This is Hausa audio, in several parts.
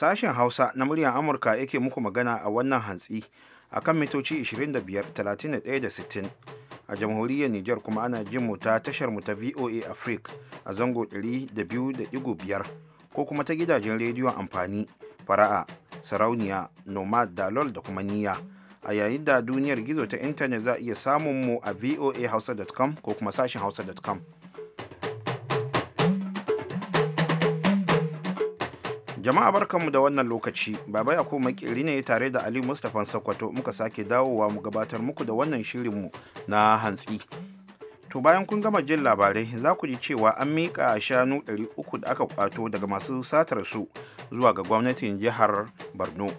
Sashen Hausa na muryar Amurka yake muku magana a wannan hantsi a kan mitoci 25, 31 da 60. A jamhuriyar Nijar kuma ana jin mu ta tashar mu ta VOA Africa a zango 200.5 ko kuma ta gidajen rediyon amfani fara'a, sarauniya, nomad, dalol da kuma niya A yayin da duniyar gizo ta intanet za a iya samun mu a voahausa.com ko kuma sashen hausa.com. Jama'a barkanmu da wannan lokaci, Baba ya Makeri ne tare da Ali Mustapha Sokoto muka sake dawowa mu gabatar muku da wannan shirinmu na hantsi. To bayan kun gama jin labarai za ku ji cewa an miƙa shanu 300 da aka kwato daga masu satar su zuwa ga gwamnatin jihar Borno.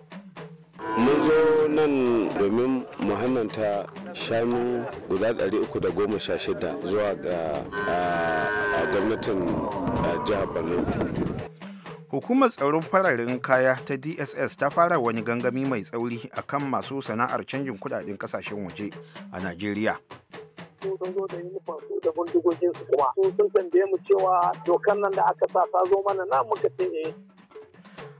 mun zo nan domin mu shanu guda 316 zuwa ga gwamnatin jihar borno hukumar tsaron fararen kaya ta dss ta fara wani gangami mai tsauri a kan masu sana'ar canjin kudaden kasashen waje a najeriya kuma eh.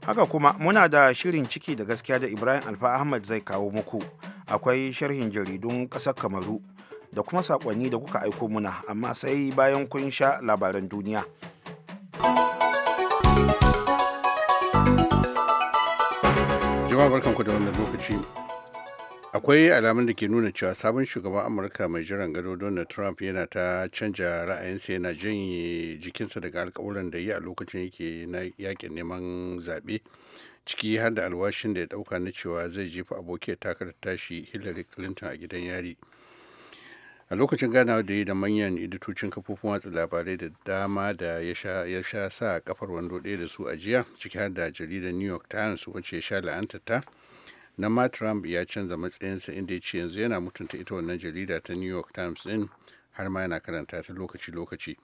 haka kuma muna da shirin ciki da gaskiya da ibrahim alfa ahmad zai kawo muku akwai sharhin jaridun ƙasar kamaru da kuma saƙonni da kuka aiko muna amma sai bayan kun sha labaran duniya. jama'a barkanku da wannan lokaci akwai alamun da ke nuna cewa sabon shugaban amurka mai jiran gado donald trump yana ta canja ra'ayinsa yana janye jikinsa daga alkawuran da yi a lokacin yake na yakin neman zaɓe ciki har da alwashin da ya ɗauka na cewa zai jefa abokiyar takarar tashi hillary clinton a gidan yari a lokacin ganawa da yi da manyan editocin kafofin watsa labarai da dama da ya sha sa kafar wando ɗaya da su a jiya ciki har da jaridar new york times wacce ya sha la'antarta na ma trump ya canza matsayinsa inda ya ce yanzu yana mutunta ita wannan jarida ta new york times din har ma yana karanta ta lokaci-lokaci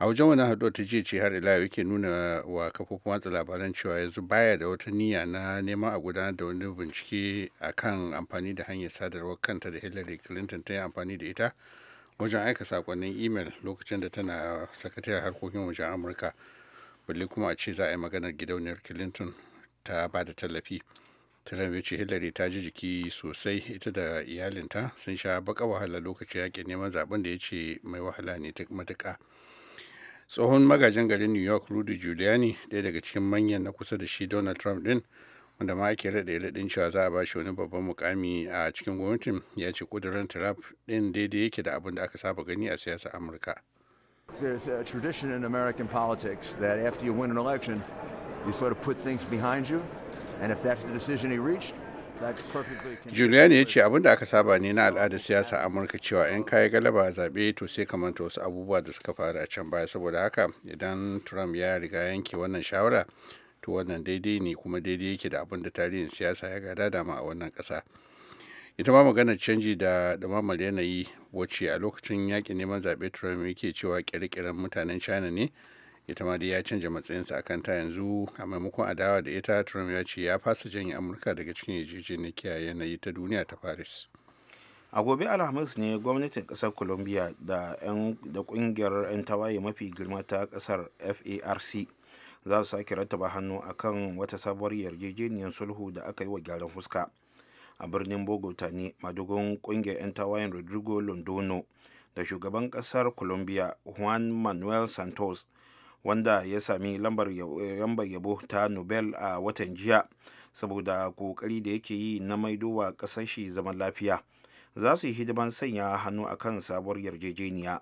a wajen wani haɗo ta jiya ce har ila yake nuna wa kafofin watsa labaran cewa yanzu baya da wata niyya na neman a gudanar da wani bincike a kan amfani da hanyar sadarwar kanta da hillary clinton ta yi amfani da ita wajen aika sakonnin imel lokacin da tana sakatariyar harkokin wajen amurka balle kuma a ce za a yi maganar gidauniyar clinton ta ba da tallafi trump ya ce hillary ta ji jiki sosai ita da iyalinta sun sha baka wahala lokacin yakin neman zaben da ya ce mai wahala ne matuƙa matuka tsohon magajin garin new york rudy giuliani ɗaya daga cikin manyan na kusa da shi donald trump din wanda ma ake raɗe raɗin cewa za a bashi wani babban mukami a cikin gwamnatin ya ce kudurin trump ɗin daidai yake da abin da aka saba gani a siyasar amurka There's a tradition in American politics that after you win an election, you sort of put things behind you, and if that's the decision he reached, Juliani ya ce abun da aka saba ne na al'adar siyasa Amurka cewa 'yan kayi galaba a zaɓe to sai kamanta wasu abubuwa da suka faru a can baya saboda haka idan Trump ya riga yanke wannan shawara to wannan daidai ne kuma daidai yake da abin da tarihin siyasa ya gada dama a wannan ƙasa. ita ma maganar canji da ɗumamar yanayi wacce a lokacin yaƙin neman zaɓe trump yake cewa ƙirƙirar mutanen china ne ita ma ya canja matsayinsa a ta yanzu a maimakon adawa da ita trump ya ce ya fasa janye amurka daga cikin yarjejeniyar yanayi ta duniya ta paris a gobe alhamis ne gwamnatin kasar colombia da 'yan da kungiyar 'yan tawaye mafi girma ta kasar farc za su sake rattaba hannu akan wata sabuwar yarjejeniyar sulhu da aka yi wa gyaran fuska a birnin bogota ne madugun kungiyar 'yan tawayen rodrigo londono da shugaban kasar colombia juan manuel santos wanda ya sami eh, lambar yabo ta nobel a watan jiya saboda kokari da yake yi na maidowa kasashe zaman lafiya za su yi hidiman sanya hannu a kan sabuwar yarjejeniya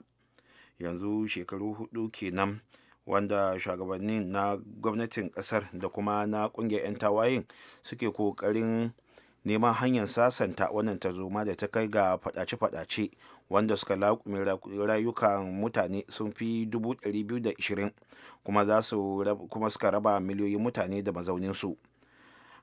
yanzu shekaru hudu kenan wanda shugabannin na gwamnatin kasar da kuma na kungiyar 'yan tawayen suke kokarin neman hanyar sasanta wannan tarzoma da ta kai ga fadace-fadace wanda suka laƙumi rayukan mutane sun fi 220 kuma suka raba miliyoyin mutane da mazauninsu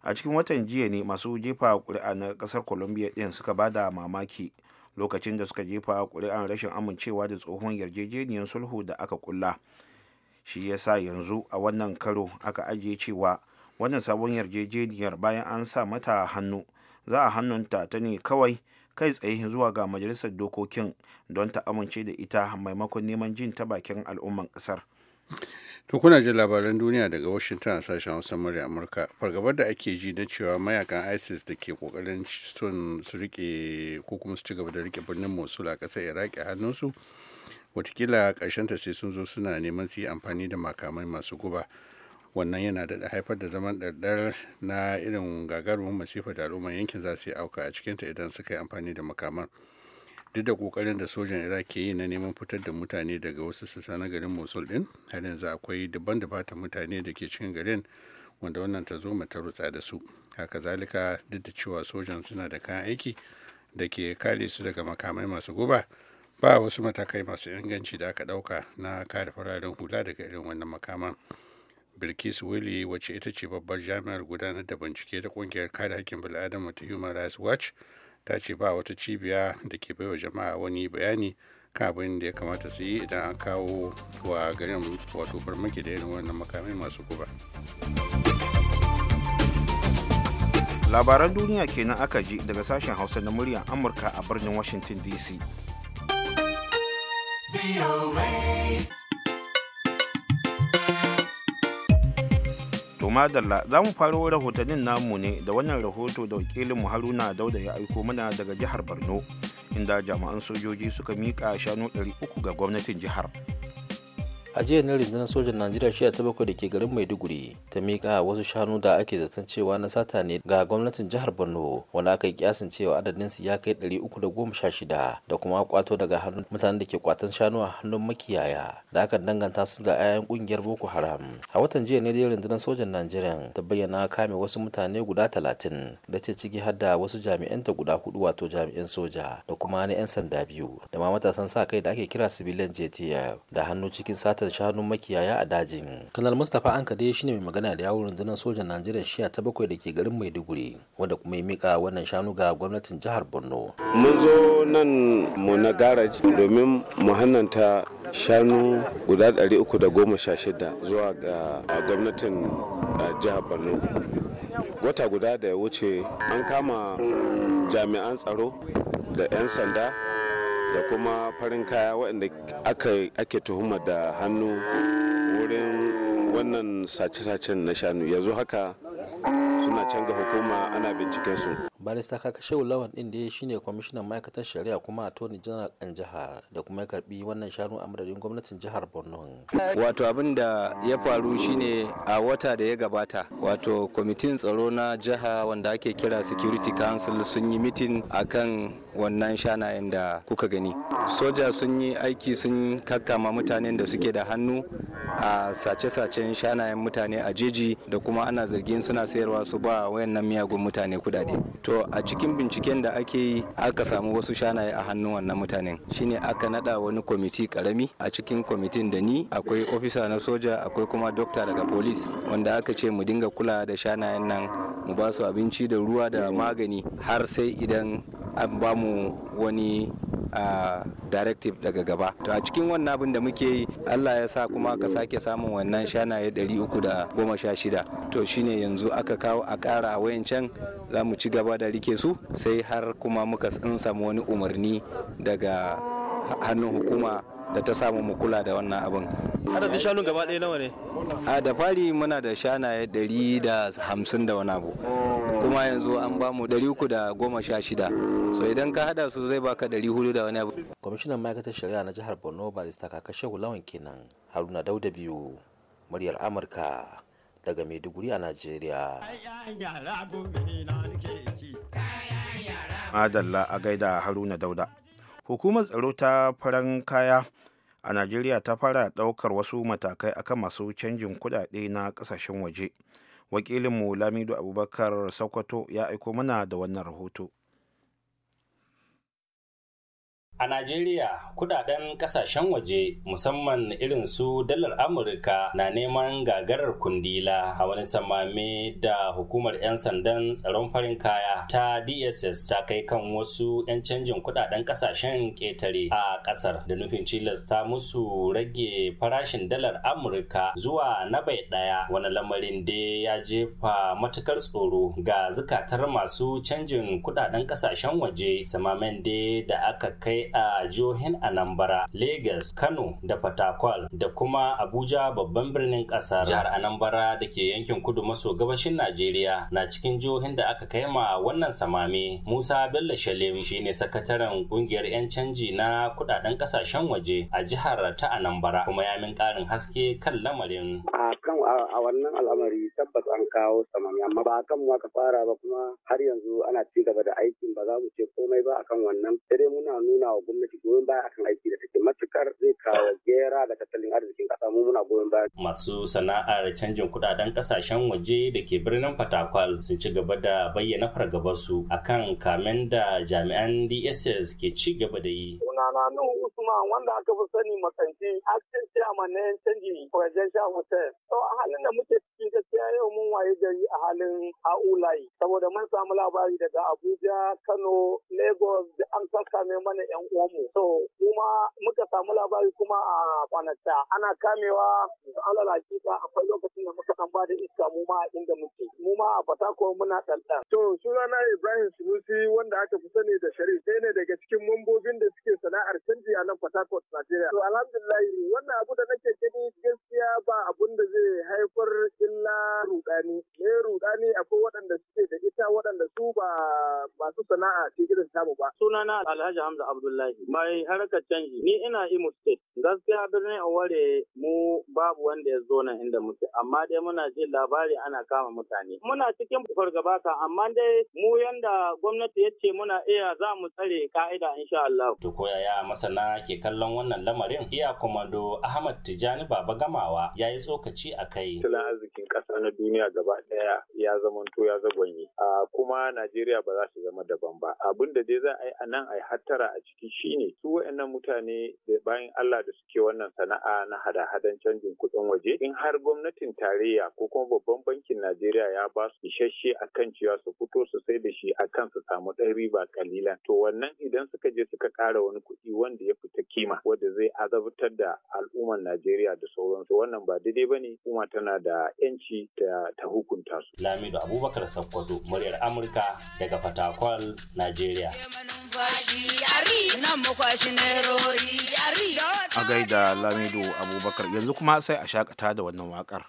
a cikin watan jiya ne masu jefa ƙuri'a na ƙasar colombia ɗin suka ba da mamaki lokacin da suka jefa ƙuri'an rashin amincewa da tsohon yarjejeniyar sulhu da aka kulla shi ya sa yanzu a wannan karo aka ajiye cewa wannan sabon yarjejeniyar bayan an sa mata hannu za a hannunta ta ne kawai kai tsaye zuwa ga majalisar dokokin don ta amince da ita maimakon neman jin ta bakin al'umman ƙasar. To kuna jin labaran duniya daga Washington a sashen Hausa murya Amurka. Fargabar da ake ji na cewa mayakan ISIS da ke kokarin son su rike ko kuma su ci gaba da rike birnin Mosul a ƙasar Iraki a hannunsu. Watakila ƙarshen ta sai sun zo suna neman su yi amfani da makamai masu guba. wannan yana da haifar da zaman ɗarɗar na irin gagarumin masifa da al'umman yankin za su yi auka a cikinta idan suka yi amfani da makaman duk da kokarin da sojan iraq ke yi na neman fitar da mutane daga wasu sassa na garin mosul din har yanzu akwai daban da fata mutane da ke cikin garin wanda wannan ta zo mata rutsa da su haka zalika duk da cewa sojan suna da kayan aiki da ke kare su daga makamai masu guba ba wasu matakai masu inganci da aka ɗauka na kare fararen hula daga irin wannan makaman bilkis willy wacce ita ce babbar jami'ar gudanar da bincike ta kungiyar kare hakkin bil'adama ta human rights watch ta ce ba wata cibiya da ke baiwa jama'a wani bayani kan abin da ya kamata su yi idan an kawo wa garin wato farmaki da yanayi wannan makamai masu guba labaran duniya kenan aka ji daga sashen hausa na muryar amurka a birnin washington dc madalla za mu faro rahotannin namu ne da wannan rahoto da wakilin mu haruna dauda ya aiko mana daga jihar borno inda jami'an sojoji suka miƙa shanu 300 ga gwamnatin jihar a jiya na rundunar sojan najeriya shiya ta bakwai da ke garin maiduguri ta miƙa wasu shanu da ake zaton cewa na sata ne ga gwamnatin jihar borno wanda aka yi kiyasin cewa adadin su ya kai ɗari uku da goma sha shida da kuma kwato daga hannun mutanen da ke kwatan shanu a hannun makiyaya da aka danganta su ga 'ya'yan ƙungiyar boko haram a watan jiya ne dai rundunar sojan najeriya ta bayyana kame wasu mutane guda talatin da ce ciki har da wasu jami'an ta guda hudu wato jami'an soja da kuma na 'yan sanda biyu da ma matasan sa kai da ake kira sibilan jtf da hannu cikin sata satar shanu makiyaya a dajin kanal mustapha an kade shi ne mai magana da yawon rundunar sojan najeriya shiya ta bakwai da ke garin maiduguri wanda kuma ya mika wannan shanu ga gwamnatin jihar borno mun zo nan mu na garaji domin mu hannanta shanu guda 316 zuwa ga gwamnatin eh, jihar borno wata guda da ya wuce an kama jami'an tsaro da 'yan sanda da kuma farin kaya waɗanda ake tuhuma da hannu wurin wannan sace-sacen na shanu yanzu haka suna can ga hukuma ana binciken su barista kaka shehu lawan din da shine kwamishinan ma'aikatar shari'a kuma attorney general ɗan jihar da kuma ya karbi wannan shanu a madadin gwamnatin jihar borno wato abin da ya faru shine a wata da ya gabata wato kwamitin tsaro na jiha wanda ake kira security council sun yi mitin akan wannan shanayen da kuka gani soja sun yi aiki sun kakkama mutanen da suke da hannu a sace-sacen shanayen mutane a jeji da kuma ana zargin suna sayarwa su ba wayannan miyagun mutane kudade to a cikin binciken da ake yi aka samu wasu shanaye a hannun wannan mutanen shine aka nada wani kwamiti karami a cikin kwamitin da ni akwai ofisa na soja akwai kuma dokta daga polis wanda aka ce mu dinga kula da shanayen nan mu ba su abinci da ruwa da magani har sai idan an ba mu wani a directive daga gaba to a cikin wannan abin da muke yi allah ya sa kuma ka sake samun wannan shanaye 316 to shine yanzu aka kawo a ƙara can za mu ci gaba da rike su sai har kuma muka samu wani umarni daga hannun hukuma da ta samu mu kula da wannan abin adadin shanu gaba ɗaya nawa ne a da fari muna da shanaye ɗari da hamsin da wani abu kuma yanzu an ba mu ɗari uku da goma sha shida so idan ka hada su zai baka ɗari hudu da wani abu kwamishinan ma'aikatar shari'a na jihar borno barista kakashe lawan kenan haruna dauda biyu muryar amurka daga maiduguri a najeriya madalla a gaida haruna dauda hukumar tsaro ta faran kaya a najeriya ta fara ɗaukar wasu matakai akan masu canjin kuɗaɗe na ƙasashen waje wakilinmu Lamidu abubakar sokoto ya aiko mana da wannan rahoto A Najeriya, kudaden kasashen waje musamman irin su dalar Amurka na neman gagarar kundila a wani samame da hukumar 'yan sandan tsaron farin kaya ta DSS ta kai kan wasu 'yan canjin kudaden kasashen ketare a kasar da nufin cilasta musu rage farashin dalar Amurka zuwa na bai daya wani lamarin da ya jefa matukar tsoro ga zukatar masu canjin kudaden kasashen waje samamen da aka kai a jihohin Anambra, Lagos, Kano da Fatakwal da kuma Abuja babban birnin kasar. Jihar Anambra da ke yankin kudu maso gabashin Najeriya na cikin jihohin da aka kai ma wannan samami Musa Bello Shalim shine sakataren kungiyar 'yan canji na kudaden kasashen waje a jihar ta Anambra kuma ya min karin haske kan lamarin. A wannan al'amari tabbas an kawo samami amma ba kan mu aka fara ba kuma har yanzu ana ci gaba da aikin ba za mu ce komai ba akan wannan. Sai dai muna nuna wa gwamnati goyon baya akan aiki da take matukar zai kawo gera da tattalin arzikin kasa mu muna goyon baya. Masu sana'ar canjin kudaden kasashen waje da ke birnin Fatakwal sun ci gaba da bayyana fargabarsu akan kamen da jami'an DSS ke ci gaba da yi. Sunana nan Usman wanda aka fi sani makanci Acting Chairman na yan canji Presidential Hotel. To a halin da muke cikin gaskiya yau mun waye gari a halin ha'ulayi saboda mun samu labari daga Abuja, Kano, Lagos da an kakkame mana 'yan uwanmu. So kuma muka samu labari kuma a kwanata ana kamewa da alal hakika akwai lokacin da muka san ba da iska mu ma inda muke. Mu ma a Fatako muna ɗanɗan. To sunana Ibrahim Sunusi wanda aka fi sani da Sharif ɗaya ne daga cikin mambobin da suke sana'ar canji a nan Fatakwal Najeriya. To alhamdulillah wannan abu rudani me rudani akwai waɗanda suke da ita waɗanda su ba masu sana'a ke irin tamu ba sunana Alhaji Hamza Abdullahi mai harkar canji ni ina Imo State Gaskiya birnin Aware mu babu wanda ya zo nan inda muke, amma dai muna jin labari ana kama mutane. Muna cikin fargaba ka, amma dai mu yanda gwamnati ya ce muna iya za mu tsare ka'ida insha Allah. To ko yaya masana ke kallon wannan lamarin? Iya komando Ahmad Tijani Baba Gamawa yayi tsokaci a kai. Tattalin arzikin ƙasa na duniya gaba ɗaya ya zama to ya zagonye A kuma Najeriya ba za su zama daban ba. Abin da dai za a yi anan nan a yi hattara a ciki shine su wayannan mutane bayan Allah da suke wannan sana'a na hada-hadan canjin kudin waje in har gwamnatin tarayya ko kuma babban bankin Najeriya ya ba su isasshe kan cewa su fito su sai da shi a kan su samu ɗan riba kalilan to wannan idan suka je suka ƙara wani kuɗi wanda ya fita kima wanda zai azabtar da al'ummar Najeriya da sauransu wannan ba daidai ne kuma tana da 'yanci ta hukunta su. Lamido Abubakar Sakkwato muryar Amurka daga Fatakwal, Najeriya. numfashi nan ne rori a gaida lamido abubakar yanzu kuma sai a shakata da wannan wakar.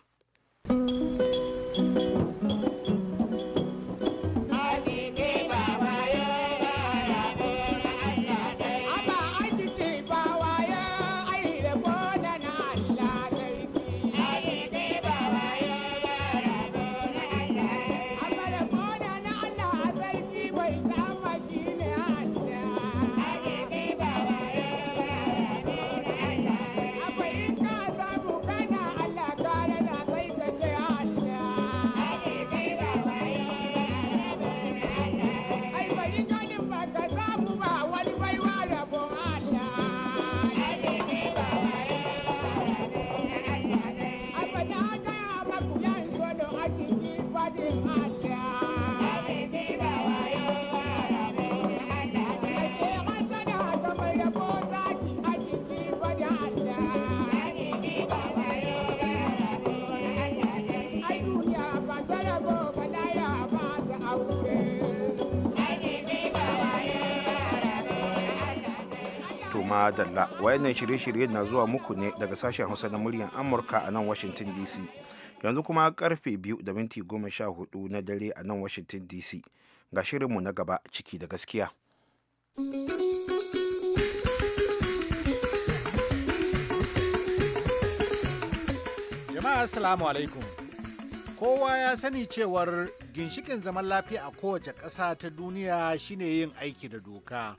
madalla wayannan shirye shiryen na zuwa muku ne daga sashen hausa na muryar amurka a nan washington dc yanzu kuma karfe biyu da minti goma sha hudu na dare a nan washington dc ga shirinmu na gaba ciki da gaskiya jama'a assalamu alaikum kowa ya sani cewar ginshikin zaman lafiya a kowace ƙasa ta duniya shine yin aiki da doka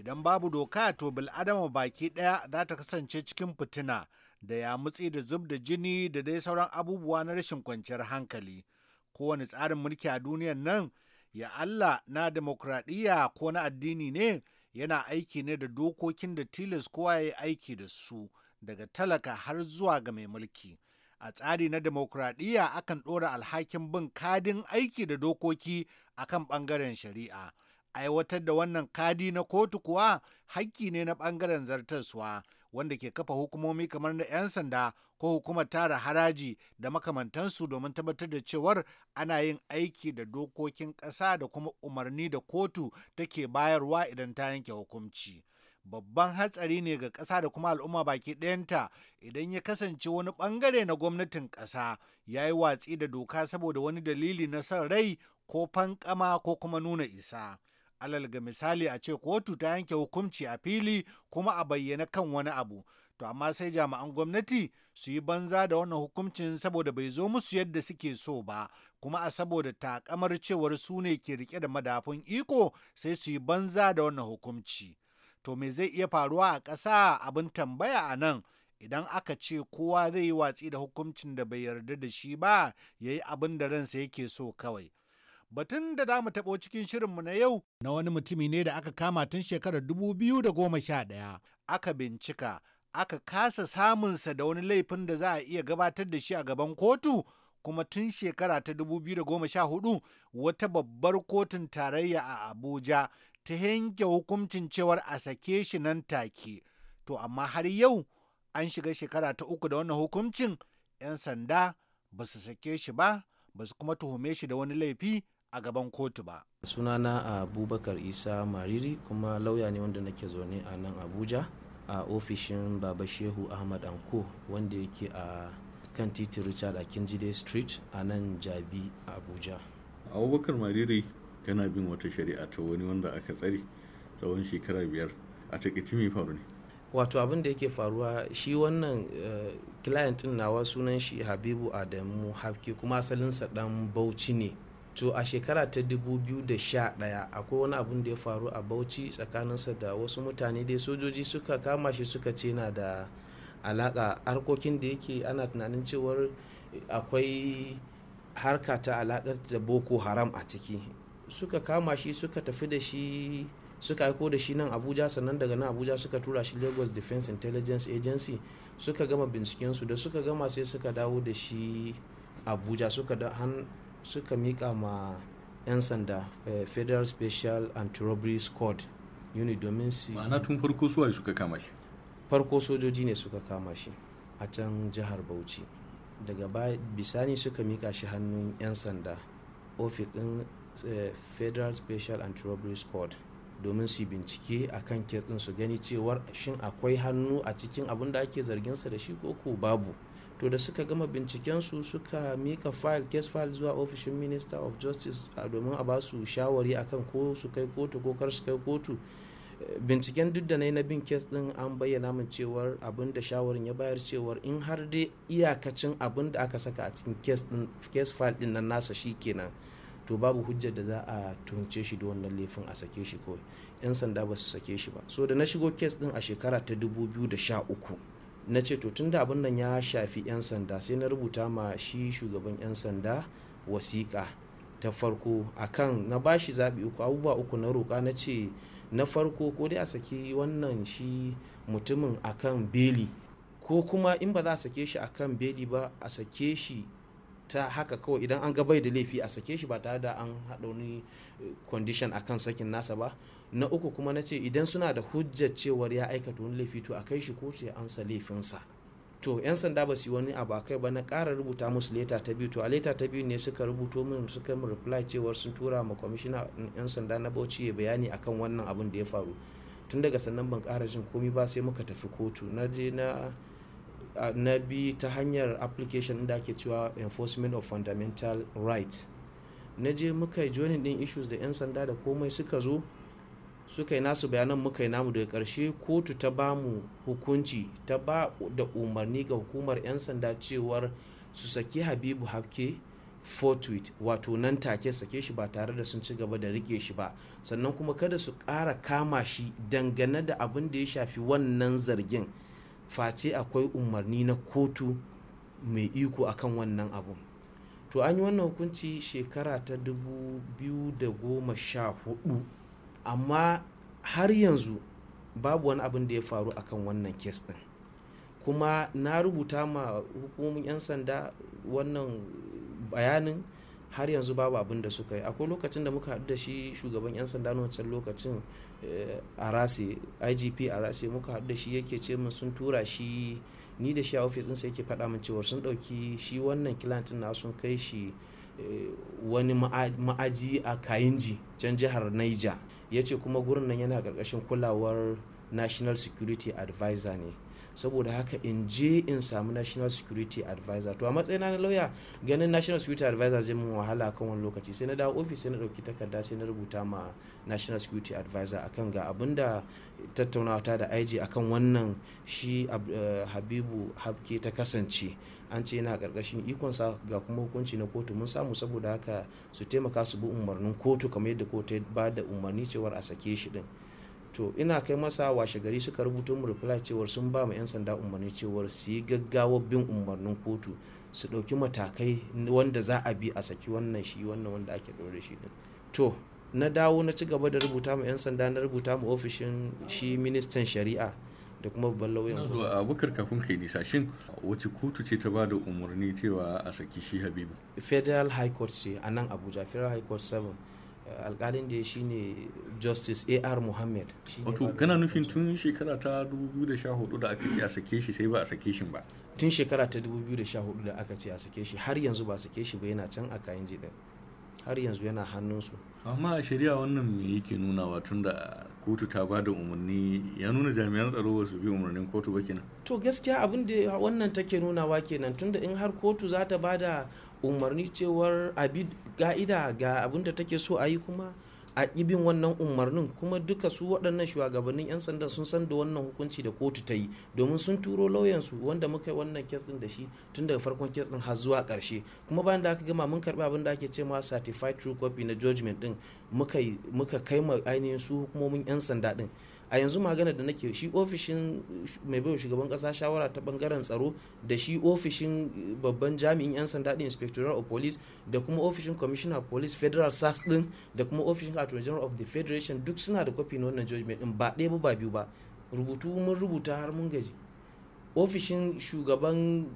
idan babu doka to bil'adama baki daya za ta kasance cikin fitina da ya yamutsi da zub da jini da dai sauran abubuwa na rashin kwanciyar hankali kowane tsarin mulki a duniyar nan ya Allah na demokradiyya ko na addini ne yana aiki ne da dokokin da tilas kowa ya yi aiki da su daga talaka har zuwa ga mai mulki a tsari na demokradiyya akan ɗora alhakin bin kadin aiki da dokoki akan ɓangaren shari'a aiwatar da wannan kadi na kotu kuwa hakki ne na bangaren zartaswa wanda ke kafa hukumomi kamar na 'yan sanda ko hukumar tara haraji da makamantansu domin tabbatar da cewar ana yin aiki da dokokin ƙasa da kuma umarni da kotu take bayarwa idan ta yanke hukunci. babban hatsari ne ga ƙasa da kuma al'umma baki ɗayanta idan ya kasance wani ɓangare na gwamnatin ƙasa ya yi watsi da doka saboda wani dalili na son rai ko fankama ko kuma nuna isa. alal ga misali a ce kotu ta yanke hukumci a fili kuma a bayyana kan wani abu to amma sai jami'an gwamnati su yi banza da wannan hukuncin saboda bai zo musu yadda suke so ba kuma a saboda takamar cewar su ne ke rike da madafun iko sai su yi banza da wannan hukunci to me zai iya faruwa a ƙasa abin tambaya a nan idan aka ce kowa zai yi watsi da hukuncin da bai yarda da shi ba ya yi abin da ransa yake so kawai Batun da za mu taɓo cikin shirinmu na yau na wani mutumi ne da aka kama tun shekarar 2011 aka bincika aka kasa samunsa da wani laifin da za a iya gabatar da shi a gaban kotu kuma tun shekara ta 2014 wata babbar kotun tarayya a Abuja ta yanke hukuncin cewar a sake shi nan take. To amma har yau an shiga shekara ta uku da wannan hukuncin 'yan sanda ba su sake shi ba ba su kuma tuhume shi da wani laifi a gaban kotu ba. sunana abubakar isa mariri kuma lauya ne wanda nake zaune a nan abuja a ofishin baba shehu ahmad anko wanda yake a kan titin richard a kinjide street a nan jabi abuja abubakar mariri kana bin wata shari'a ta wani wanda aka tsare tsawon shekara biyar a takaici mai faru ne wato abin da yake faruwa shi wannan eh, client nawa sunan shi habibu adamu hafke kuma asalinsa dan bauchi ne to a shekara ta 2011 akwai wani abun da ya faru a bauchi tsakanin sa da wasu mutane dai sojoji suka kama shi suka ce na da alaka harkokin da yake ana tunanin cewar akwai harka ta alakar da boko haram a ciki suka kama shi suka tafi da shi suka aiko da shi nan abuja sannan daga nan abuja suka tura shi lagos defense intelligence agency suka gama binciken su da suka gama sai suka dawo da shi abuja suka suka mika ma 'yan sanda eh, federal special anti-robbery squad unit domin su ma'ana tun farko suwaye suka kama shi farko sojoji ne suka kama shi a can jihar bauchi daga bisani suka mika shi hannun 'yan sanda ofis din eh, federal special anti-robbery squad domin su bincike a kan kes din su gani cewar shin akwai hannu a cikin abin da ake zarginsa da shi ko babu to da suka gama binciken su suka mika file case file zuwa ofishin minister of justice domin a basu shawari akan ko su kai kotu ko kar su kai kotu binciken duk da na na bin case din an bayyana min cewar abin da shawarin ya bayar cewar in har dai iyakacin abin da aka saka a cikin case file din nan nasa shi kenan to babu hujjar da za a tunce shi da wannan laifin a sake shi kawai yan sanda ba su sake shi ba so da na shigo case din a shekara ta 2013 na ce to da abin nan ya shafi 'yan sanda sai na rubuta ma shi shugaban 'yan sanda wasiƙa ta farko akan na ba shi zaɓi uku abubuwa uku na roƙa na ce na farko ko dai a saki wannan shi mutumin akan beli ko kuma in ba za a sake shi akan beli ba a sake shi ta haka kawai idan an ga bai da laifi a sake shi ba tare da an haɗa wani condition akan sakin nasa ba na uku kuma na ce idan suna da hujjar cewar ya aikata wani laifi to a kai shi kotu ya ansa laifinsa to 'yan sanda ba su yi wani abu a kai ba na kara rubuta musu leta ta biyu to a leta ta biyu ne suka rubuto min suka min reply cewar sun tura ma kwamishina 'yan sanda na bauchi ya bayani akan wannan abun da ya faru tun daga sannan ban ƙara jin komi ba sai muka tafi kotu na je na na bi ta hanyar application da ake cewa enforcement of fundamental right na je muka joining din issues da 'yan sanda da komai suka zo suka yi nasu bayanan muka yi namu daga ƙarshe kotu ta ba mu hukunci ta ba da umarni ga hukumar 'yan sanda cewar su saki habibu hafke fortuit wato nan take sake shi ba tare da sun ci gaba da rike shi ba sannan kuma kada su ƙara kama shi dangane da abin da ya shafi wannan zargin face akwai umarni na kotu mai iko akan wannan abu to an yi wannan hukunci shekara ta 2014 amma har yanzu babu wani abin da ya faru akan wannan kes din kuma na rubuta ma hukumomin 'yan sanda wannan bayanin har yanzu babu abin da suka yi akwai lokacin da muka haɗu da shi shugaban 'yan sanda na wancan lokacin eh, a rase igp a rase muka haɗu da shi yake ce min sun tura shi ni da shi a ofis ɗinsa yake faɗa min cewar sun ɗauki shi wannan kilantin na sun kai shi eh, wani ma'aji a kayinji can jihar niger ya ce kuma gurin nan yana ƙarƙashin kulawar national security advisor ne saboda haka in je in samu national security advisor to a matsayina na lauya ganin national security advisor zai mun wahala kan wani lokaci sai na dawo ofis sai na dauki takarda sai na rubuta ma national security advisor akan ga abin da tattaunawa ta da IG akan wannan shi eh, habibu habke ta kasance an ce yana karkashin sa ga kuma hukunci na kotu mun samu saboda haka su taimaka su bi umarnin kotu kamar yadda kotu ya ba da umarni cewar a sake shi din to ina kai masa washe gari suka rubuto mu reply cewar sun ba mu 'yan sanda umarni cewar su yi gaggawa bin umarnin kotu su ɗauki matakai wanda za a bi a saki wannan shi wannan wanda ake ɗaure shi din to na dawo na ci gaba da rubuta mu 'yan sanda na rubuta mu ofishin shi ministan shari'a da kuma babban lauyan zuwa abubakar kafin kai nisa shin wace kotu ce ta ba da umarni cewa a saki shi habibu federal high court ce a nan abuja federal high court 7 alkalin da ya shi ne justice ar muhammad wato kana nufin tun shekara ta 2014 da aka ce a sake shi sai ba a sake shi ba tun shekara ta 2014 da aka ce a sake shi har yanzu ba a sake shi ba yana can a kayan jiɗin har yanzu yana hannunsu amma a shari'a wannan me yake nuna watun da kotu ta ba da umarni ya nuna jami'an tsaro ba su bi umarnin kotu ba kenan to gaskiya abin da wannan take nunawa kenan tunda in har kotu za ta ba da umarni cewar abi ga'ida ga abin da take so a yi kuma a ibin wannan umarnin kuma duka su waɗannan shugabannin 'yan sanda sun san da wannan hukunci da kotu ta yi domin sun turo lauyansu wanda muka yi wannan kes din da shi tun daga farkon kes har zuwa ƙarshe kuma bayan da aka gama mun karɓi abin da ake ce ma certified true copy na judgment din muka kai ma ainihin su hukumomin 'yan sanda din a yanzu magana da nake shi ofishin mai baiwa shugaban kasa shawara ta bangaren tsaro da shi ofishin babban jami'in yan sanda din inspectorate of police da kuma ofishin commissioner of police federal sas din da kuma ofishin attorney general of the federation duk suna da kwafi na wannan judgment din ba ɗaya ba ba biyu ba rubutu mun rubuta har mun gaji ofishin shugaban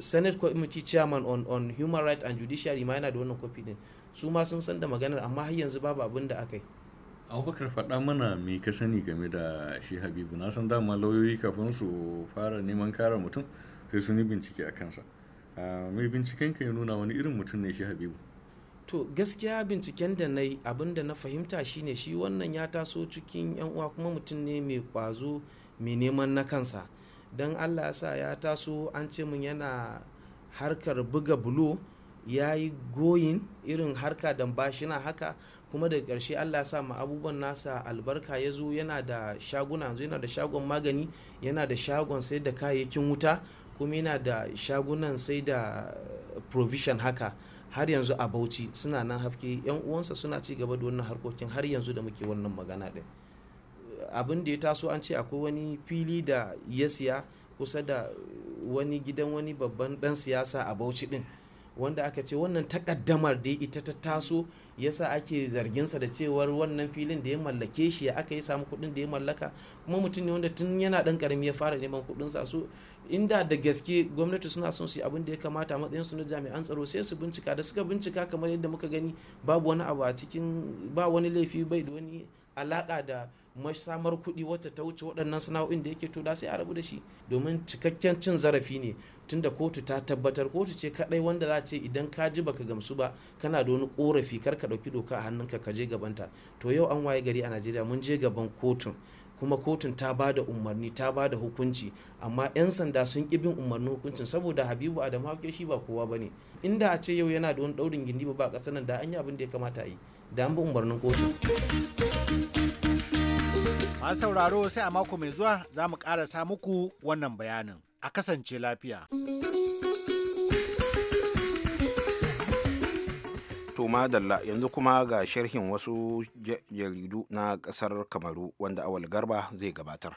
senate committee chairman on, on human rights and judiciary ma yana da wannan kwafi din su ma sun san da maganar amma har yanzu babu abin da aka yi abubakar faɗa mana me ka sani game da shi habibu na san dama lauyoyi kafin su fara neman kare mutum sai sun yi bincike a kansa ah, mai binciken ka ya nuna wani irin mutum ne shi habibu to gaskiya binciken da na yi abin da na fahimta shine shi wannan ya taso cikin yan uwa kuma mutum ne mai kwazo mai neman na kansa don allah sa ya taso an ce min yana harkar buga bulo ya yi goyin irin harka bashi na haka kuma daga ƙarshe allah ya sa ma abubuwan nasa albarka ya zo yana da shaguna yanzu yana da shagon magani yana da shagon sai da kayayyakin wuta kuma yana da shagunan sai da provision haka har yanzu a bauchi suna nan hafke yan uwansa suna ci gaba da wannan harkokin har yanzu da muke wannan magana din abin da ya taso an ce akwai wani fili da ya siya kusa da wani gidan wani babban dan siyasa a bauchi din wanda aka ce wannan takaddamar da ita ta taso yasa ake zarginsa da cewar wannan filin da ya mallake shi ya aka yi samu kuɗin da ya mallaka kuma mutum ne wanda tun yana ɗan ƙarami ya fara neman sa so inda da gaske gwamnati suna son su abin da ya kamata matsayin su na jami'an tsaro sai su bincika da suka bincika kamar yadda muka gani babu wani abu a cikin ba wani laifi bai da wani alaka da masamar kuɗi wata ta wuce waɗannan sana'o'in da yake to sai a rabu da shi domin cikakken cin zarafi ne tunda kotu ta tabbatar kotu ce kaɗai wanda za ce idan ka ji baka gamsu ba kana da wani korafi kar ka ɗauki doka a hannunka ka je gabanta to yau an waye gari a najeriya mun je gaban kotun kuma kotun ta ba da umarni ta ba da hukunci amma 'yan sanda sun ƙi bin umarnin hukuncin saboda habibu adamu hauke shi ba kowa ba ne inda a ce yau yana da wani ɗaurin gindi ba ba ƙasar nan da an yi abin da ya kamata a yi da an bi umarnin kotu. masu sauraro sai a mako mai zuwa za mu sa muku wannan bayanin a kasance lafiya. to madalla yanzu kuma ga sharhin wasu jaridu na kasar kamaru wanda awal garba zai gabatar.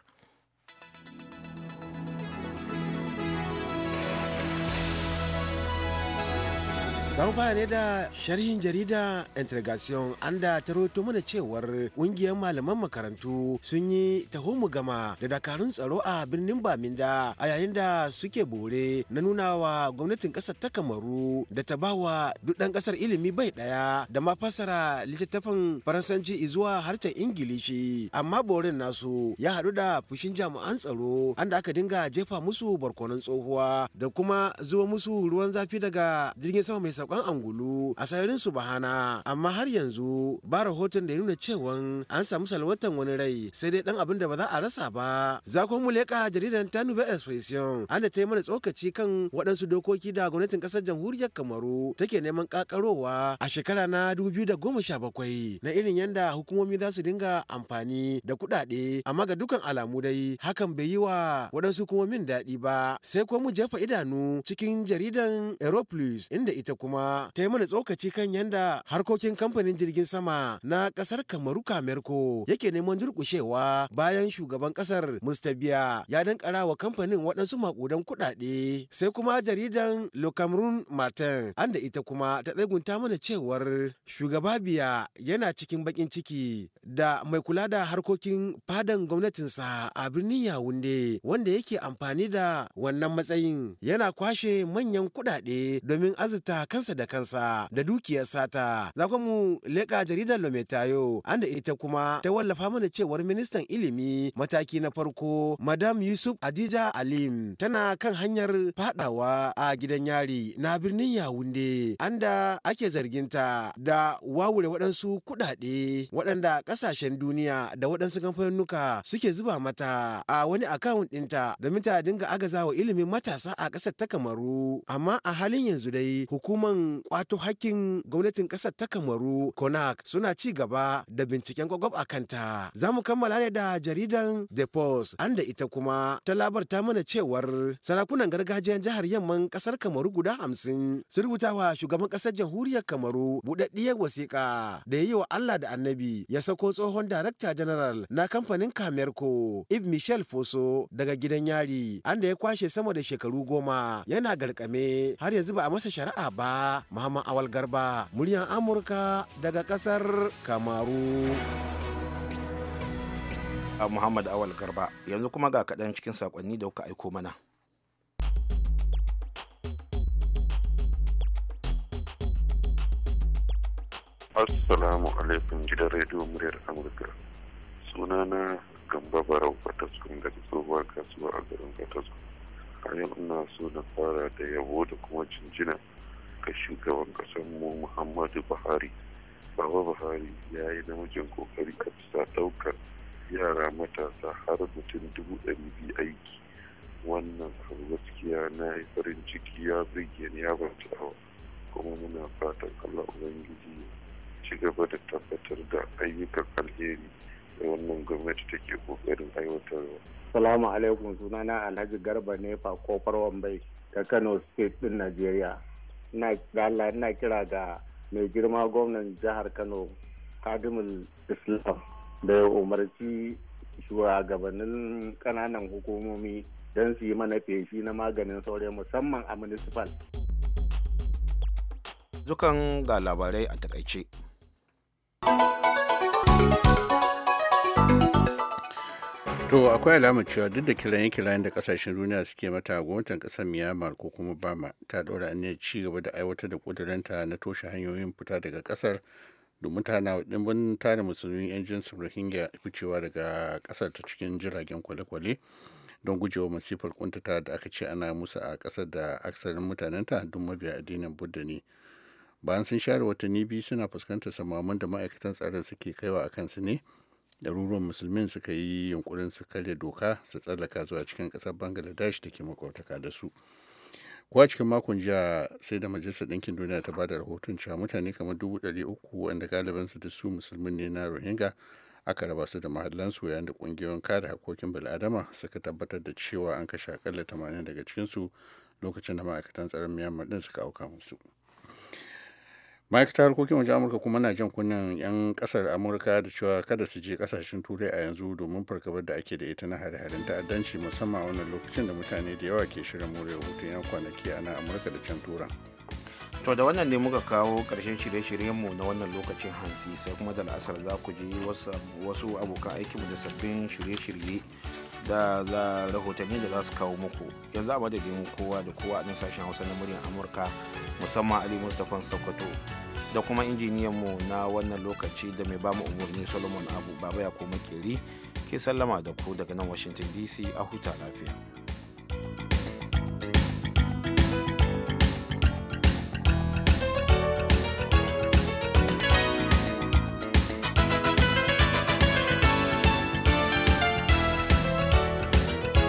Zan ne da sharhin jarida Integration anda ta roto mana cewar ƙungiyar malaman makarantu sun yi tahomu gama da dakarun tsaro a birnin Baminda a yayin da suke bore na nunawa gwamnatin ƙasar ta Kamaru da ta bawa duk ɗan ƙasar ilimi bai ɗaya da ma fasara littattafan Faransanci zuwa harshen Ingilishi amma borin nasu ya haɗu da fushin jami'an tsaro anda aka dinga jefa musu barkonan tsohuwa da kuma zuwa musu ruwan zafi daga jirgin sama mai saban angulu a sararin su bahana amma har yanzu ba rahoton da ya nuna cewa an samu salwatan wani rai sai dai dan abin da ba za a rasa ba za ku mu leka jaridan ta nouvelle expression an da ta yi mana tsokaci kan waɗansu dokoki da gwamnatin ƙasar jamhuriyar kamaru take neman ƙaƙarowa a shekara na 2017 na irin yadda hukumomi za su dinga amfani da kuɗaɗe amma ga dukan alamu dai hakan bai yi wa waɗansu hukumomin daɗi ba sai kuma mu jefa idanu cikin jaridan aeropolis inda ita kuma kuma ta yi mana tsokaci kan yanda harkokin kamfanin jirgin sama na kasar Kamaru Kamerko yake neman durkushewa bayan shugaban kasar mustabiya ya dankara wa kamfanin waɗansu makudan kuɗaɗe. Sai kuma jaridan Le Cameroon Martin an da ita kuma ta tsegunta mana cewar shugaba Biya yana cikin bakin ciki da mai kula da harkokin fadan gwamnatinsa a birnin Yawunde wanda yake amfani da wannan matsayin yana kwashe manyan kuɗaɗe domin azurta kansa kansa da kansa da dukiyar sata za mu leƙa jaridar lometayo an da ita kuma ta wallafa mana cewar ministan ilimi mataki na farko madam yusuf adija alim tana kan hanyar fadawa a gidan yari na birnin yawunde an da ake zarginta da wawure waɗansu kuɗaɗe waɗanda ƙasashen duniya da waɗansu kamfanonuka suke zuba mata a wani akawun ɗinta domin ta dinga agazawa ilimin matasa a ƙasar ta kamaru amma a halin yanzu dai hukuma musamman kwato hakkin gwamnatin ƙasar ta Kamaru Konak suna ci gaba da binciken kwakwab a kanta. Za mu kammala ne da jaridan The Post, an da ita kuma ta labarta mana cewar sarakunan gargajiyar jihar yamman ƙasar Kamaru guda hamsin sun rubuta wa shugaban ƙasar jamhuriyar Kamaru buɗaɗɗiyar wasiƙa da ya yi wa Allah da annabi ya sako tsohon darakta janaral na kamfanin Kamerko Yves Michel Foso daga gidan yari, an da ya kwashe sama da shekaru goma yana garkame har yanzu ba a masa shari'a ba. Muhammad Awal Garba muryar Amurka daga kasar Kamaru. Muhammad Awal Garba yanzu kuma ga kaɗan cikin saƙonni da kuka aiko mana. Assalamu alaikum gidan rediyo muryar Amurka. Sunana Gamba Barau Fataskun daga tsohuwar kasuwa a garin Fataskun. a yau ina so na fara da yabo da kuma jinjina ga shugaban kasar mu muhammadu buhari baba buhari ya yi namijin kokari a bisa daukar yara matasa har mutum dubu ɗari biyu aiki wannan abu gaskiya na yi farin ciki ya birge ya kuma muna fatan allah ubangiji ci gaba da tabbatar da ayyukan alheri da wannan gwamnati take kokarin aiwatarwa. salamu alaikum sunana alhaji garba nefa kofar wambai ta kano state din najeriya na kira ga mai girma gwamnan jihar kano kadimul islam da ya umarci shugabannin kananan hukumomi don su yi mana feshi na maganin saurai musamman a municipal dukan ga labarai a takaice. To akwai alamar cewa duk da kilayen-kilayen da kasashen duniya suke mata gwamnatin kasar Myanmar ko kuma Bama ta ɗora aniyar ci gaba da aiwatar da ƙudurinta na toshe hanyoyin fita daga kasar domin tana dimbin tare musulmi 'yan jinsin Rohingya ficewa daga kasar ta cikin jiragen kwale-kwale don gujewa masifar kuntata da aka ce ana musu a kasar da aksarin mutanenta don mabiya addinin Budda ne. Bayan sun share watanni biyu suna fuskantar samamun da ma'aikatan tsaron suke kaiwa a kansu ne. ɗaruruwan musulmin suka yi yunkurin su karya doka su tsallaka zuwa cikin ƙasar bangladesh da ke makwabtaka da su kuwa cikin makon jiya sai da majalisar ɗinkin duniya ta ba da rahoton cewa mutane kamar dubu ɗari uku wanda su da su musulmin ne na rohingya aka raba su da mahallansu yayin da ƙungiyoyin kare hakokin bil'adama suka tabbatar da cewa an kashe akalla tamanin daga cikinsu lokacin da ma'aikatan tsaron myanmar ɗin suka auka musu. ma'aikatar harkokin wajen amurka kuma na jan kunnen 'yan kasar amurka da cewa kada su je kasashen turai a yanzu domin fargabar da ake da ita na hare-haren ta'addanci musamman a wannan lokacin da mutane da yawa ke shirin more hutu yan kwanaki a nan amurka da can turan to da wannan ne muka kawo karshen shirye-shiryenmu na wannan lokacin hantsi sai kuma da la'asar za ku je wasu abokan aikinmu da sabbin shirye-shirye da za rahotanni da za su kawo muku yanzu a madadin kowa da kowa a nan sashen hausa na muryar amurka musamman ali mustapha sokoto da kuma injiniyan mu na wannan lokaci da mai bamu umarni solomon abu baba ya koma keri ke sallama da ku daga nan washington dc a huta lafiya